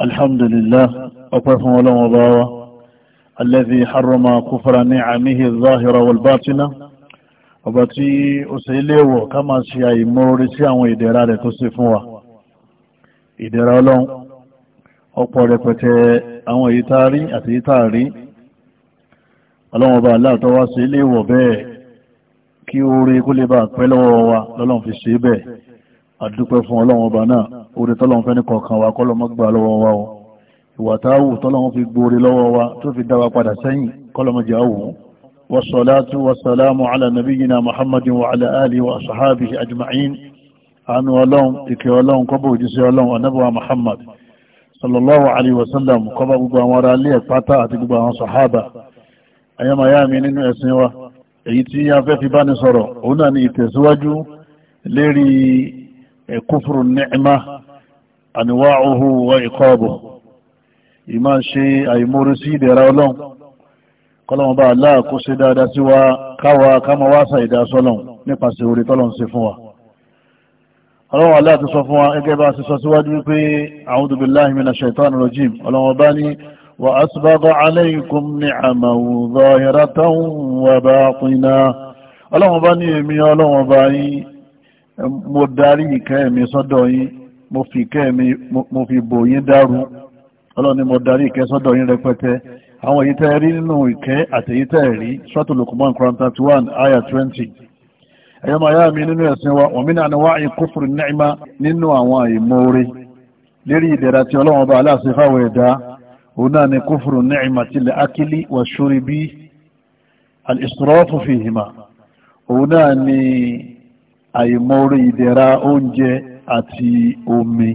الحمد لله أطفهم ولهم ضاوة الذي حرم كفر نعمه الظاهرة والباطنة وباتي أسئله كما شيء مورسيا وإدارة تصفوا إدارة لهم ọ̀pọ̀ rẹpẹtẹ àwọn èyí táàrí àti èyí táàrí ọlọ́wọ́n bá aláàtọ́ wá sí ilé ìwọ̀ bẹ́ẹ̀ kí oore kó lè bá pẹ́ lọ́wọ́ wa lọ́lọ́n fi ṣe bẹ́ẹ̀ àdúpẹ́ fún ọlọ́run ọba náà orí tọ́lọ́run fẹ́ ní kọ̀ọ̀kan wa kọ́lọ́ mọ́ gbà lọ́wọ́ wa o ìwà táwù tọ́lọ́run fi gbóore lọ́wọ́ wa tó fi dá wa padà sẹ́yìn kọ́lọ́ jẹ́ àwò wasalaatu wasalaamu ala nabiyina muhammadin wa ala alihi wa sahabihi ajma'in anu ọlọ́run ìkẹ́ ọlọ́run kọ́bọ̀ òjíṣẹ́ ọlọ́run anábọ̀wá muhammad kúfùrù ni'ma anwa'uhu wa iqabuhu ìmá ṣe àìmórí sí ìdẹ̀ra ọlọ́run kọ́lọ́wọ́n bá aláà kó ṣe dáadáa sí wa káwa káma wá sa ìdásọ́lọ́run nípasẹ̀ orí tọ́lọ́run ṣe fún wa ọlọ́wọ́n aláà ti sọ fún wa gẹ́gẹ́ bá ṣe sọ síwájú pé a'udhu billahi minash shaitani rajim ọlọ́wọ́n bá ní وأسبغ عليكم نعمه ظاهرة وباطنة ọlọ́run bá ní èmi ọlọ́run bá yín mo darí ìkẹ́ mi sọ́dọ̀ yín mo fi ìkẹ́ mi mo fi bò yín dárú ọlọ́run ni mo darí ìkẹ́ sọ́dọ̀ yín rẹpẹtẹ àwọn èyí tẹ́ rí nínú ìkẹ́ àti èyí tẹ́ rí suratul Luqman Quran thirty one ayah twenty ẹ̀yọ́ máa yá mi nínú ẹ̀sìn wa wa min anwa'i kufri ni'ma nínú àwọn àìmoore lérí ìdẹ̀ra tí ọlọ́run bá aláṣẹ fáwọn ẹ̀dá òun náà ni kufru ni'mati al-akli wa shurbi al-israfu fihima òun náà ni àìmọ́rí ìdẹ̀ra oúnjẹ àti omi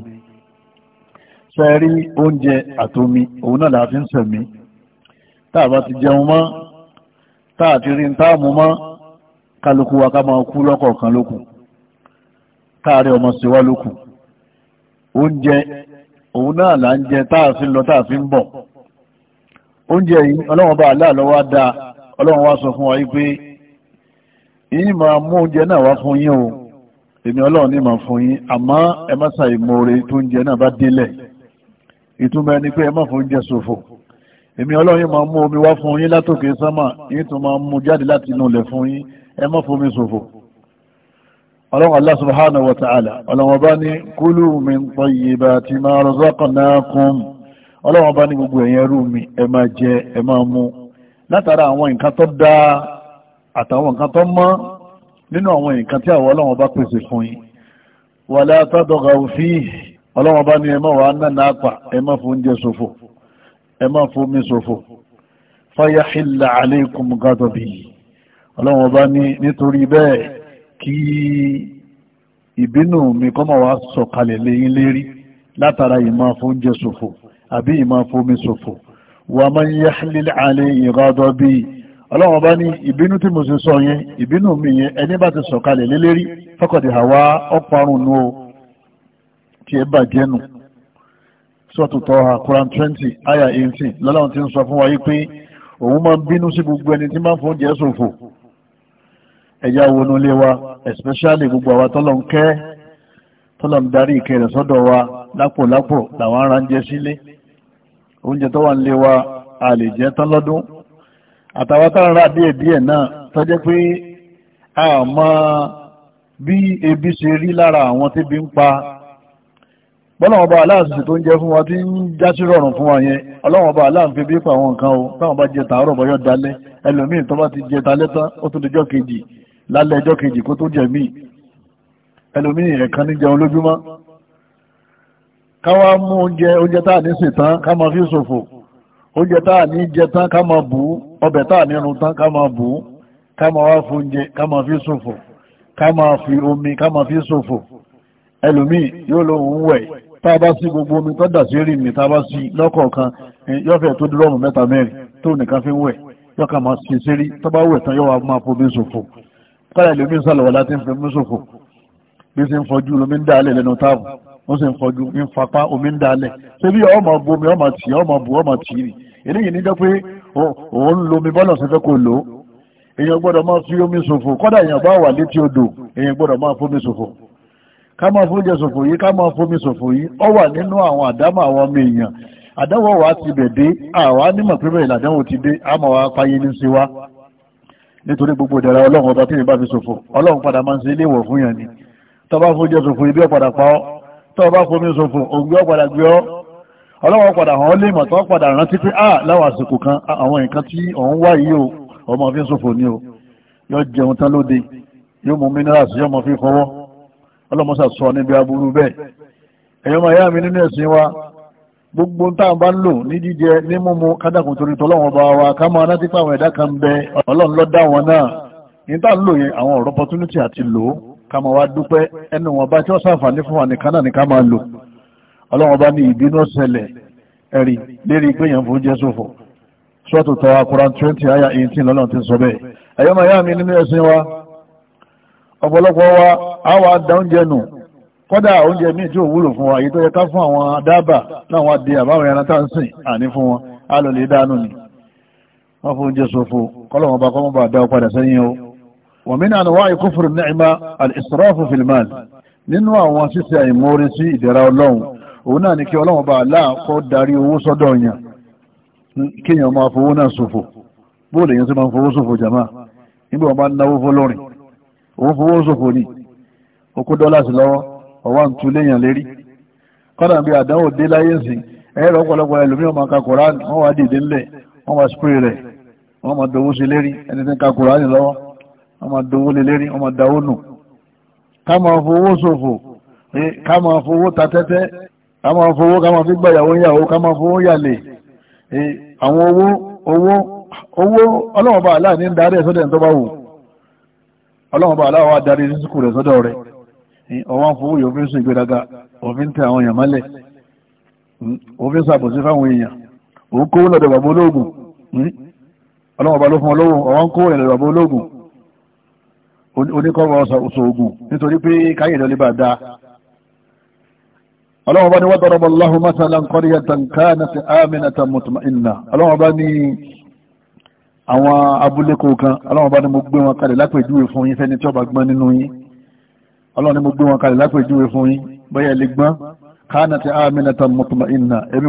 sẹ́rí oúnjẹ àtomi òun náà la ń sẹ̀mí tá a bá ti jẹun mọ́ tá a ti rí ń táàmù mọ́ kálukú wa ká máa kú lọ́kọ̀ọ̀kan lókù káàrí ọmọ síwá lókù oúnjẹ òun náà là ń jẹ tá a fi ń lọ tá a fi ń bọ̀ oúnjẹ yìí ọlọ́run bá aláàlọ́wọ́ dáa ọlọ́run wá sọ fún wa yìí pé yìí máa mú oúnjẹ náà wá fún yín o èmi ọlọ́run ní máa fún yín àmọ́ ẹ má sa ìmoore tó oúnjẹ náà bá délẹ̀ ìtumọ̀ ẹni pé ẹ má fún oúnjẹ ṣòfò èmi ọlọ́run yìí máa mú omi wá fún yín látòkè sámà yìí tún máa mú jáde láti inú ilẹ̀ fún yín ẹ má fomi ṣòfò ọlọ́run Allah subhanahu wa ta'ala ọlọ́run ọba ní kúlù min tayyibati ma razaqnakum ọlọ́run ọba máa jẹ ẹ máa mu àtàwọn nǹkan tó mọ́ nínú àwọn nǹkan tí àwọn ọlọ́wọ́n bá pèsè fún yín wà látàdọ̀gà òfin ọlọ́wọ́n bá ní ẹmọ́ wà nánà àpà ẹmọ́ fún oúnjẹ ṣòfò ẹmọ́ fún omi ṣòfò fáyà hìlà àlékún gádọ̀ bí ọlọ́wọ́n bá ní nítorí bẹ́ẹ̀ kí ìbínú mi kọ́mọ̀ wá sọ̀kalẹ̀ lẹ́yìn lérí látara ìmọ̀ fún oúnjẹ ṣòfò àbí ìmọ̀ fún omi ṣòfò wà máa yá hìlà àlé ìgádọ̀ bíi ọlọ́run bá ní ìbínú tí mo sì sọ yẹn ìbínú mi yẹn ẹni bá ti sọ̀kalẹ̀ lélẹ́rí fọ́kọ̀dé àwa ọ̀parun nù o tí ẹ bàjẹ́ nù sọ́tùtọ̀ àkùrán twenty àyà eighteen lọ́lọ́run ti ń sọ fún wa yìí pé òun máa ń bínú sí gbogbo ẹni tí máa ń fún oúnjẹ ṣòfò ẹ̀yà wọnú ilé wa especially gbogbo àwa tọ́lọ̀ ń kẹ́ tọ́lọ̀ ń darí ìkẹ́ rẹ̀ sọ́dọ̀ wa lápò lápò làwọn ará ń jẹ sílé oúnjẹ tó wà ń lé wa àlè jẹ́ tán lọ́dún àtàwátára díẹ̀ díẹ̀ náà tó jẹ́ pé a mọ̀ bí ebi ṣe rí lára àwọn tí bí ń pa bọ́lọ̀wọ́ bá aláàsìsì tó ń jẹ fún wa tí ń jásí rọrùn fún wa yẹn ọlọ́wọ́ bá aláàfin bí pa àwọn nǹkan o táwọn bá jẹ tààrọ̀ bọ́yọ́ dalẹ́ ẹlòmíì tó bá ti jẹ talẹ́ tán ó tún dejọ́ kejì lálẹ́ ẹjọ́ kejì kó tó jẹ míì ẹlòmíì ẹ̀kan ní jẹun lójúmọ́ káwá mú oúnjẹ oúnjẹ táà ní sètán ká máa fi ṣòfò oúnjẹ táà ní jẹ tán ká máa bù ú ọbẹ̀ táà ní irun tán ká máa bù ú ká máa wá fún oúnjẹ ká máa fi ṣòfò ká máa fi omi ká máa fi ṣòfò ẹlòmíì yóò lóun wẹ̀ tá a bá sí gbogbo omi tó dà sí rí mi tá a bá sí lọ́kọ̀ọ̀kan yọ́fẹ̀ tó dúrọ́ọ̀mù mẹ́ta mẹ́rin tó nìkan fi wẹ̀ yọ́ka máa ṣe sérí tó bá wẹ̀ tán yọ́wà máa fomi ṣòfò kọ́lá ìlú mi ń láti ń fomi ṣòfò bí ó sì ń fọjú omi ń dálẹ̀ ṣé bí ọmọ bomi ọmọ tì ọmọ bu ọmọ tì rì eléyìí ní jẹ́ pé òun ń lomi bọ́lọ̀ sí fẹ́ kó lò ó èèyàn gbọ́dọ̀ máa fi omi ṣòfò kọ́dà èèyàn bá wà létí odò èèyàn gbọ́dọ̀ máa fomi ṣòfò ká máa fóúnjẹ ṣòfò yìí ká máa fomi ṣòfò yìí ó wà nínú àwọn àdámọ̀ àwọn ọmọ èèyàn àdánwò wa ti bẹ̀ dé àwa nímọ̀ pé bẹ́ẹ̀ làdánwò ti dé àmọ́ wa fáyé ní sí wa nítorí gbogbo ìdára ọlọ́run ọba tí mi bá fi ṣòfò ọlọ́run padà máa ń ṣe iléèwọ̀ fún yàn ni tó bá fóúnjẹ ṣòfò ibi ọ̀padà pa ọ́ tó bá fomi ṣòfò òǹgbẹ́ ọ̀padà gbé ọ́ ọlọ́wọ́ padà hàn lè mọ̀ tó padà rántí pé à ah, láwọn àsìkò kan ah, àwọn nǹkan tí òun wá yìí o ọmọ fi ń ṣòfò ní o yóò jẹun tán lóde yóò mú minerals yóò mọ fi fọwọ́ ọlọ́mọsà sọ níbi aburú bẹ́ẹ̀ ẹ̀yọ́ máa yá mi nínú ẹ̀sìn wa gbogbo tá à bá ń lò ní jíjẹ ní mímu kádàkùn torí tọ́lọ́wọ́n bá wa ká máa rántí pé àwọn ẹ̀dá kan bẹ ọlọ́run ló dá wọn náà opportunity àti lò ó ká máa wá dúpẹ́ ẹnu wọn bá tí ọlọ́run bá ní ìbínú ṣẹlẹ̀ ẹ̀rí lérí pé yẹn fún jésù fún ṣọ́ọ̀tù tọ́wà Quran twenty aya eighteen lọ́nà ti sọ bẹ́ẹ̀ ẹ̀yọ́ máa yá mi nínú ẹ̀sìn wa ọ̀pọ̀lọpọ̀ wa á wà dá oúnjẹ nù kọ́dà oúnjẹ míì tí ò wúlò fún wa èyí tó yẹ ká fún àwọn dábà láwọn adé àbáwọn ẹran tá ń sìn àní fún wọn á lọ lè dánú ni wọ́n fún oúnjẹ ṣòfò kọ́lọ́wọ́n bá kọ́ mọ́ bá dá padà sẹ́yìn o wọ́n mí náà wá ìkúfùrù ní ìmá al-israfu nínú àwọn ṣíṣe àìmọ́rin sí ìdẹ̀ra ọlọ́run òun náà ni kí ọlọ́run bá darí owó sọ́dọ̀ yàn kéèyàn máa fowó náà ṣòfò bó lèyàn tó máa fowó ṣòfò jàmá nígbà wọn bá ń náwó fọlọ́rìn òun fowó ṣòfò ni ó kó dọ́là sí lọ́wọ́ ọwọ́ ń tu léèyàn lérí kọ́dà bí àdánwò dé láyé sí ẹ̀rọ ọ̀pọ̀lọpọ̀ ẹlòmíràn máa ka koran wọ́n wá ká máa fowó ká máa fi gbà ìyàwó ìyàwó ká máa fowó yàlè àwọn owó owó owó ọlọ́wọ́n bá aláà ní ń darí ẹ̀sọ́dẹ̀ tó bá wù ọlọ́wọ́n bá aláà wá darí sísúkú rẹ̀ sọ́dọ̀ rẹ̀ ọwọ́n fowó yóò fi ń sún ìgbéraga òfin tẹ àwọn èèyàn mọ́lẹ̀ òfin sàbòsí fáwọn èèyàn òun kówó lọ́dọ̀ bàbá olóògùn ọlọ́wọ́n bá ló fún ọlọ́wọ́ ọwọ́n kówó lọ́dọ̀ bàbá olóògùn oníkọ́wọ́ sọ̀gùn ọlọ́wọ́ bá ní wọ́n tọrọ bọ́láhù mọ́sálà ń kọ́rí yàtàn káàna sí àmìnàtà mùtùmáìnà ọlọ́wọ́ bá ní àwọn abúlé kọ̀ọ̀kan ọlọ́wọ́ bá ní mo gbé wọn kalẹ̀ lápèjúwe fún yín fẹ́ni tí ó bá gbọ́n nínú yín ọlọ́wọ́ ní mo gbé wọn kalẹ̀ lápèjúwe fún yín bóyá lè gbọ́n káàna àmìnàtà mùtùmáìnà ẹbí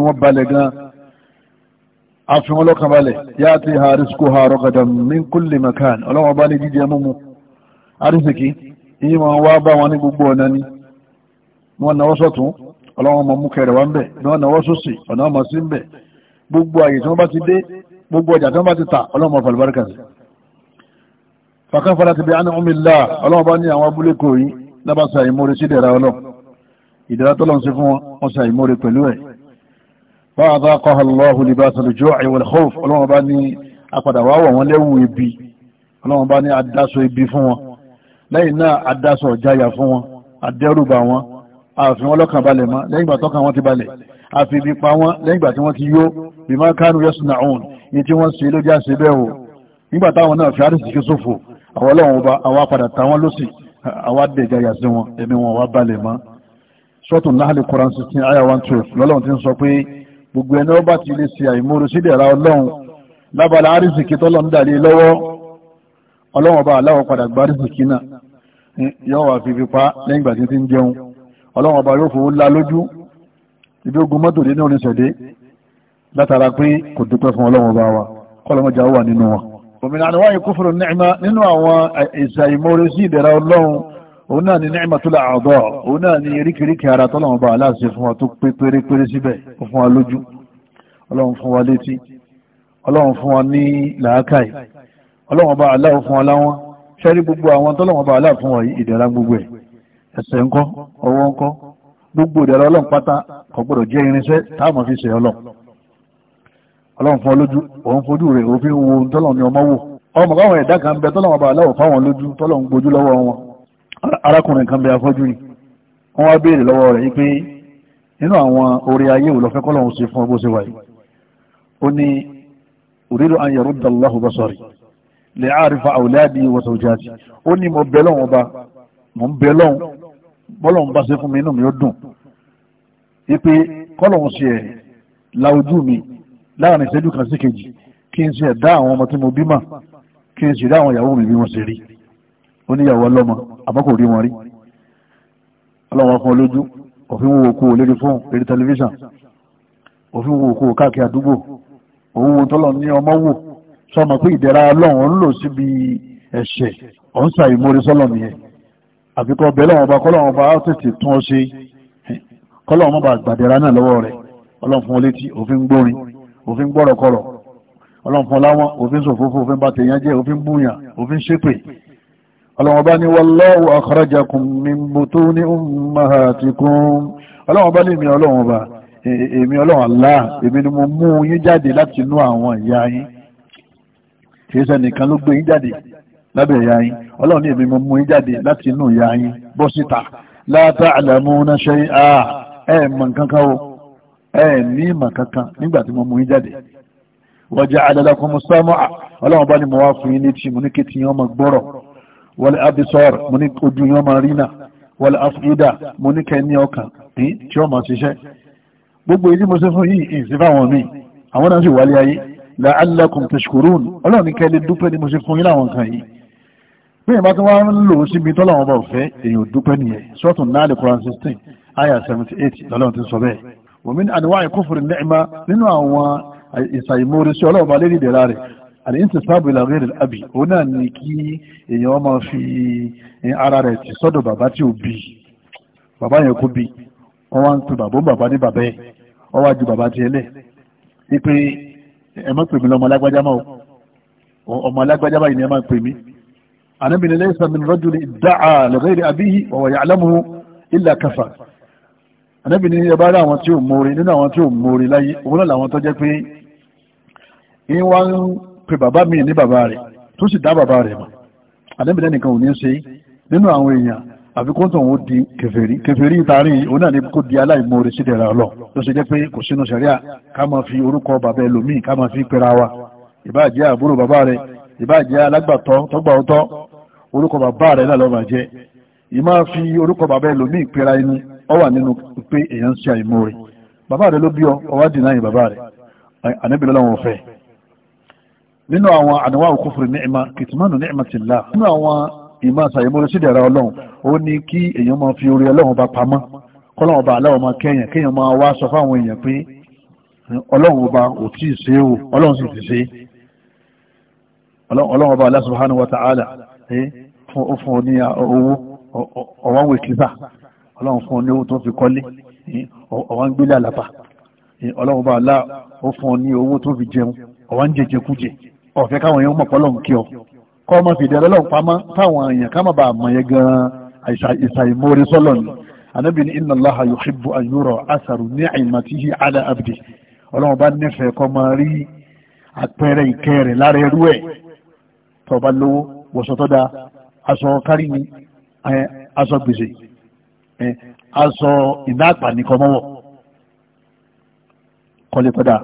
wọn ọlọ́wọ́n ọmọ mú kẹrẹ̀ wá ń bẹ̀ ní ọ̀nà ọwọ́ sósì ọ̀nà ọmọ sí ń bẹ̀ gbogbo àyè tí wọ́n bá ti dé gbogbo ọjà tí wọ́n bá ti ta ọlọ́wọ́n ọmọ fàlùbáríkà sí. fàkàn fara ti bí àná omi là ọlọ́wọ́n bá ní àwọn abúlé kò yí lábà sa ìmúre sí ìdẹ̀ra ọlọ́ ìdẹ̀ra tó lọ́n sí fún wọn sa ìmúre pẹ̀lú ẹ̀. bá a bá kọ́ Allahu ní apàdà wà wọ̀ àfi wọn lọ́kàn balẹ̀ mọ́ lẹ́yìn ìgbà tọ́kàn wọn ti balẹ̀ àfi ibi pa wọn lẹ́yìn ìgbà tí wọ́n ti yó bímọ kánú yẹ́sùn àwọn ní tí wọ́n ṣe ló já ṣe bẹ́ẹ̀ o nígbà táwọn náà fi àrísì kí sófò àwọn ọlọ́run ọba àwa padà ta lọ́sì àwa dẹ̀jà yà sí wọn ẹ̀mí wọn wá balẹ̀ mọ́ sọ́tún náhàlì koran sixteen aya one twelve lọ́lọ́run ti ń sọ pé gbogbo ẹni ọba ti lè ṣe àìmọ́rò sídẹ̀ra ọlọ́run lábala àrísì kí tọ́lọ́ ń dàlé lọ́wọ́ ọlọ́run ọba aláwọ̀ padà gba àrísì ọlọ́run ọba yóò fowó lá lójú ibi ogun mọ́tò dé ní orin sẹ̀dé látara pé kò dúpẹ́ fún ọlọ́run ọba wa kọ́lọ́mọjà wà nínú wọn. òmìnira ni wáyé kúfùrù nìcma nínú àwọn ìṣàìmọ́re sí ìdẹ̀ra ọlọ́run òun náà ni nìcma tó la àbọ̀ òun náà ni eríkèéríkè ara tọ́lọ́run ọba aláṣẹ fún wa tó pé pérépéré síbẹ̀ ó fún wa lójú ọlọ́run fún wa létí ọlọ́run fún wa ní làákàyè ọlọ́run ẹ̀ṣẹ̀ ńkọ́ ọwọ́ ńkọ́ gbogbo ìdẹ̀rọ ọlọ́run pátá kò gbọ́dọ̀ jẹ́ irinṣẹ́ táàmù fi ṣe ọlọ́ ọlọ́run fún ọlójú òun fojú rẹ̀ òfin wo tọ́lọ̀ ni ọmọ wò ọmọ káwọn ẹ̀dá kan bẹ tọ́lọ̀ ọba aláwọ̀ fáwọn lójú tọ́lọ̀ ń gbojú lọ́wọ́ wọn arákùnrin kan bẹ afọ́jú ni wọ́n wá béèrè lọ́wọ́ rẹ̀ pé nínú àwọn orí ayé wò lọ́fẹ́ kọ́lọ́run ṣe fún ọ bó ṣe wà yìí ó ní uridu an yarudda Allahu basari lè àrífà àwòlẹ́ àdìyẹ wọ́sọ̀ jáde ó ní mo bẹ lọ́wọ́ ọba mo ń bẹ lọ́wọ́ bọ́lọ̀ ń bá ṣe fún mi inú mi ó dùn wípé kọ́lọ̀ ń ṣe ẹ̀ láwùjú mi láàrin ìṣẹ́jú kan sí kejì kí n ṣe ẹ̀dá àwọn ọmọ tí mo bímọ kí n ṣe dá àwọn ìyàwó mi bí wọ́n ṣe rí oníyàwó ọlọ́mọ àmọ́ kò rí wọn rí ọlọ́wọ́ fún olójú òfin wo okòwò lórí fún lórí tẹlifíṣàn òfin wo okòwò káàkiri àdúgbò òun wo tọ́lọ̀ ní ọmọ wò sọmọ pé ìdẹ̀ra ọlọ́run ń lò síbi ẹ̀ṣẹ̀ ọ̀hún ṣàìmórí sọ́lọ̀ nìyẹn àfikọ́ bẹ́ẹ̀ lọ́wọ́ ọba kọ́lọ́wọ́ ọba tètè tún ọ ṣe kọ́lọ́wọ́ ọba gbàdẹ̀ra náà lọ́wọ́ rẹ̀ ọlọ́run fún létí òfin gbórin òfin gbọ́rọ̀kọ́rọ̀ ọlọ́run fún láwọn òfin ṣòfófó òfin bá tèèyàn jẹ́ òfin búyàn òfin ṣépè ọlọ́run bá ní wallahu akhrajakum min butuni ummahatikum ọlọ́run bá ní èmi ọlọ́run bá e, e, èmi ọlọ́run Allah èmi ni mo mú yín jáde láti inú àwọn ìyá yín kìí ṣe nìkan ló gbé yín jáde lábẹ́ ìyá yín ọlọ́run ní èmi mo mú yín jáde láti inú ìyá yín bọ́ síta la ta'lamuna shay'a ẹ̀ mọ̀ kankan o ẹ̀ ní mọ̀ kankan nígbà tí mo mú yín jáde wa ja'ala lakumu sam'a ọlọ́run bá ní mo wá fún yín létí mo ní kétí yín ọmọ gbọ́rọ̀ wal absar mo ní ojú yín ọmọ rínà wal afida mo ní kẹ́ ọkàn tí ọmọ ṣiṣẹ́ gbogbo èyí mo ṣe fún yìí ìsìn fáwọn míì àwọn náà sì wálé ayé la'allakum tashkurun ọlọ́run ní kẹ́lẹ́ dúpẹ́ ni mo ṣe fún yín láwọn kan yìí bí ìbá tí wọ́n ń lò ó síbi tọ́lọ̀ wọn bá ò fẹ́ èèyàn dúpẹ́ nìyẹn sọ́ọ̀tún náà lè Quran sixteen aya seventy eight lọ́lọ́run ti sọ bẹ́ẹ̀ wa min anwa'i kufri ni'ma nínú àwọn ìsàyìmórí sí ọlọ́run bá lérí ìdẹ̀ra rẹ̀ àti intisabu ila ghayri al-abi náà ní kí èèyàn máa fi ara rẹ̀ ti sọ́dọ̀ bàbá tí ò bí bàbá yẹn kò bí wọ́n wá ń pe bàbá bàbá ní bàbá yẹn wọ́n wá ju bàbá tiẹ̀ lẹ̀ ẹ má pè mí lọ́mọ alágbájá mọ́ o ọmọ alágbájá báyìí ni ẹ má pè mí ànábì ní laysa min rajuli idda'a li ghayri abihi wa huwa ya'lamuhu illa kafar ànábì ní ẹ bá rí àwọn tí ò mórí nínú àwọn tí ò mórí láyé òun náà làwọn tó jẹ́ pé ń wá ń pe bàbá mi ní bàbá rẹ̀ tó sì dá bàbá rẹ̀ mọ̀ ànábì nìkan ò ní ṣe nínú àwọn èèyàn àbí kó tóun ó di kèfèrí kèfèrí ìtarí òun náà ni kó di aláìmoore sí dẹ̀ra ọlọ́ tó ṣe jẹ́ pé kò sínú sẹ̀ríà ká máa fi orúkọ bàbá ẹlòmíì ká máa fi pera wa ìbáàjẹ́ àbúrò bàbá rẹ̀ ìbáàjẹ́ alágbàtọ́ tọ́gbà ọtọ́ orúkọ bàbá rẹ̀ náà lọ́ọ́ bàjẹ́ ìmá fi orúkọ bàbá ẹlòmíì pera ẹni ọ wà nínú pé èèyàn ṣe àìmoore nínú àwọn ìmọ̀ àṣàyẹ̀mọ́ sí ìdẹ̀ra ọlọ́run ó ní kí èèyàn máa fi orí ọlọ́run bá pamọ́ kọ́lọ́run bá aláwọ̀ máa kẹ́yàn kéèyàn máa wá sọ fáwọn èèyàn pé ọlọ́run ọba ò tí ì ṣe o ọlọ́run sì ti ṣe ọlọ́run ọba Allah subhanahu wa ta'ala ó fún ọ ní owó ọ̀wọ́n wò kíkà ọlọ́run fún ọ ní owó tó fi kọ́lé ọ̀wọ́n gbélé àlàpà ọlọ́run ọba Allah ó fún ọ ní owó tó fi jẹun ọ̀wọ́n jẹjẹkújẹ ọ̀fẹ́ káwọn èèyàn mọ̀ pọ́lọ́run kí ọ kọ́ ọmọ fìdí ọlọ́run pamọ́ táwọn èèyàn ká má bàa mọ̀ yẹn gan-an ìṣàìmórí sọ́lọ̀ ni anábì ní inna Allaha yuhibbu an yura asaru ni'matihi ala abdi ọlọ́run bá nífẹ̀ẹ́ kọ́ máa rí àpẹẹrẹ ìkẹ́ rẹ̀ lára ẹrú ẹ̀ tó lówó wọ̀sọ̀ tó aṣọ kárí ni aṣọ gbèsè aṣọ ìná àpà ní kọ́mọ́wọ̀ kọ́lé tó dáa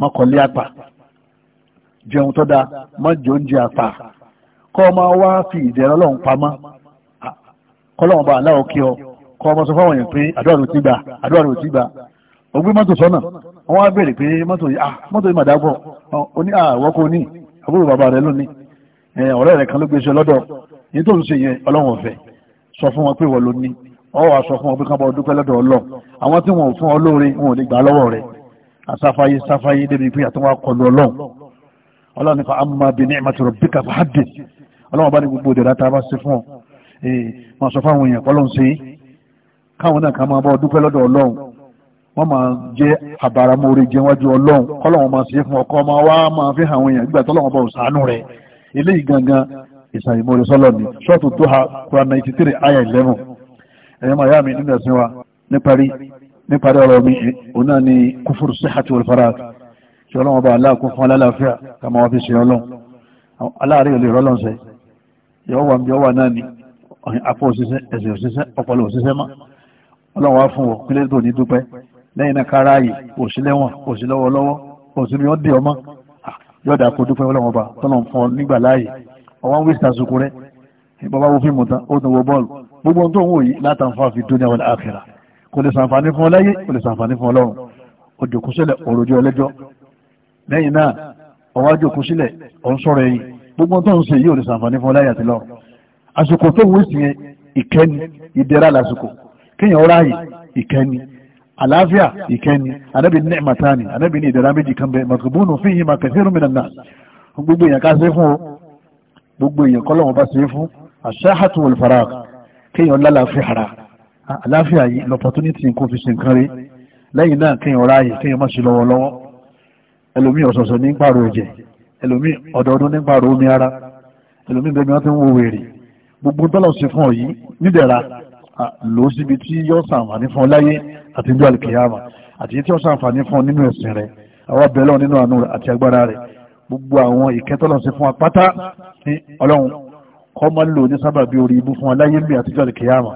má kọ́lé àpà jẹun tó dáa má jẹ oúnjẹ àpà kọ́ ọmọ wá fi ìdẹ̀rọ lọ́hùn pamọ́ kọ́lọ́wọ́n bá aláwọ̀ kí ọ kọ́ ọmọ sọ fáwọn èèyàn pé àdúrà ló ti gbà àdúrà ló ti gbà ó gbé mọ́tò sọ́nà wọ́n á béèrè pé mọ́tò yìí ah mọ́tò yìí mà dábọ̀ ó ní àwọ̀ ah, kò ní àbúrò bàbá rẹ lónìí ọ̀rẹ́ rẹ kan ló gbé ṣe lọ́dọ̀ yìí tó ń ṣe yẹn ọlọ́run ọ̀fẹ́ sọ fún wọn pé wọ́n ló ní ọ wà sọ fún wọn pé kábọ̀ dúpẹ́ lọ́dọ̀ ọlọ́ àwọn tí wọn ò fún ọ lóore wọn ò lè gbà lọ́wọ́ rẹ asáfáyé sáfáyé débi pé àtúwọ́ akọlù ọlọ́run ọlọ́run nípa amma bi ni'mati rabbika ọlọ́wọ́n bá ní gbogbo ìdẹ̀ra tá a bá ṣe fún ọ eh, máa sọ fáwọn èèyàn kọ́ ló ń ṣe káwọn náà ká máa bọ́ dúpẹ́ lọ́dọ̀ ọlọ́run wọ́n máa jẹ́ àbáramóore jẹ́ wájú ọlọ́run kọ́lọ́wọ́n máa ṣe fún ọkọ máa wá máa fi hàn àwọn èèyàn nígbà tọ́lọ́wọ́n bá òṣàánú rẹ̀ eléyìí gangan ìsàyẹ̀mọ́rẹ́ sọ́lọ̀ ni ṣọ́ọ̀tù tó ha kura ninety three aya eleven ẹ̀yẹ́ máa yá mi nínú ẹ̀sìn wa níparí níparí ọ̀rọ̀ mi òun náà ni kúfúrú síhàtì wọlfàrà ṣọlọ́wọ́n bá aláàkú fún alálàáfíà kàmáwá fi ṣe ọlọ́run aláàárẹ̀ ò lè rọ́lọ́run sẹ́yìn yọ wà bí ọ wà náà ni apá òṣìṣẹ́ ẹsẹ̀ òṣìṣẹ́ ọpọlọ òṣìṣẹ́ mọ́ ọlọ́wọ́ fún ọ kílẹ̀ tó ní dúpẹ́ lẹ́yìn náà kára yìí òṣìlẹ́wọ̀n òṣìlọ́wọ́lọ́wọ́ òṣìlú yọ dé ọmọ ah, yọ̀dà kó dúpẹ́ ọlọ́wọ́ bá tọ́lọ̀ fún ọ nígbà láàyè ọwọ́ ń wíṣà sukù rẹ bàbá wo fíìmù tán ó tún wo bọ́ọ̀lù gbogbo ohun tó ń wò yìí látàǹfà fi dúnyà wal akhirah kò lè sàǹfààní fún ọ láyé kò lè sàǹfààní fún ọlọ́run òjòkúsílẹ̀ òròjọ́ ọlẹ́jọ́ lẹ́yìn náà ọwọ́ àjòkúsílẹ̀ ọ̀ ń sọ̀rọ̀ ẹ̀yìn gbogbo tó ń ṣe yóò lè sàǹfààní fún láyà tí lọ àsìkò tó ń wísìn ìkẹni ìdẹ̀ra lásìkò kéèyàn ráàyè ìkẹni àlàáfíà ìkẹni anábì ní ẹ̀màtánì anábì ní ìdẹ̀ra méjì kan bẹ màkìbúnù fi yìí màkìsírù mìíràn náà gbogbo èèyàn ká ṣe fún o gbogbo èèyàn kọ́ lọ́wọ́ bá ṣe fún àṣáhàtù wọlfàrà kéèyàn lálàáfíà ara àlàáfíà yìí lọ́pọ̀túnítì nǹkan fi ṣe nǹkan rí lẹ́yìn náà kéèyàn ráàyè kéèyàn má ṣe lọ́wọ́lọ́wọ́ ẹlòmíì ọ̀sọ̀ọ̀sọ̀ ní pààrọ̀ ẹ̀jẹ̀ ẹlòmí ọ̀dọ̀ọdún nípa rò omi ara ẹlòmí bẹ̀rẹ̀ wọ́n fi ń wo wèrè gbogbo tọ́lọ̀ sí fún ọ yìí nídẹ̀ra lò ó síbi tí yóò sàǹfààní fún ọ láyé àti ìjọ àlùkìyàmà àti tí yóò sàǹfààní fún ọ nínú ẹ̀sìn rẹ àwọn abẹ́lọ́ nínú àánú rẹ àti agbára rẹ gbogbo àwọn ìkẹ́tọ́lọ̀ sí fún apáta ní ọlọ́run kọ́ máa lò ní sábàbí orí ibú fún ọ láyé mi àti ìjọ àlùkìyàmà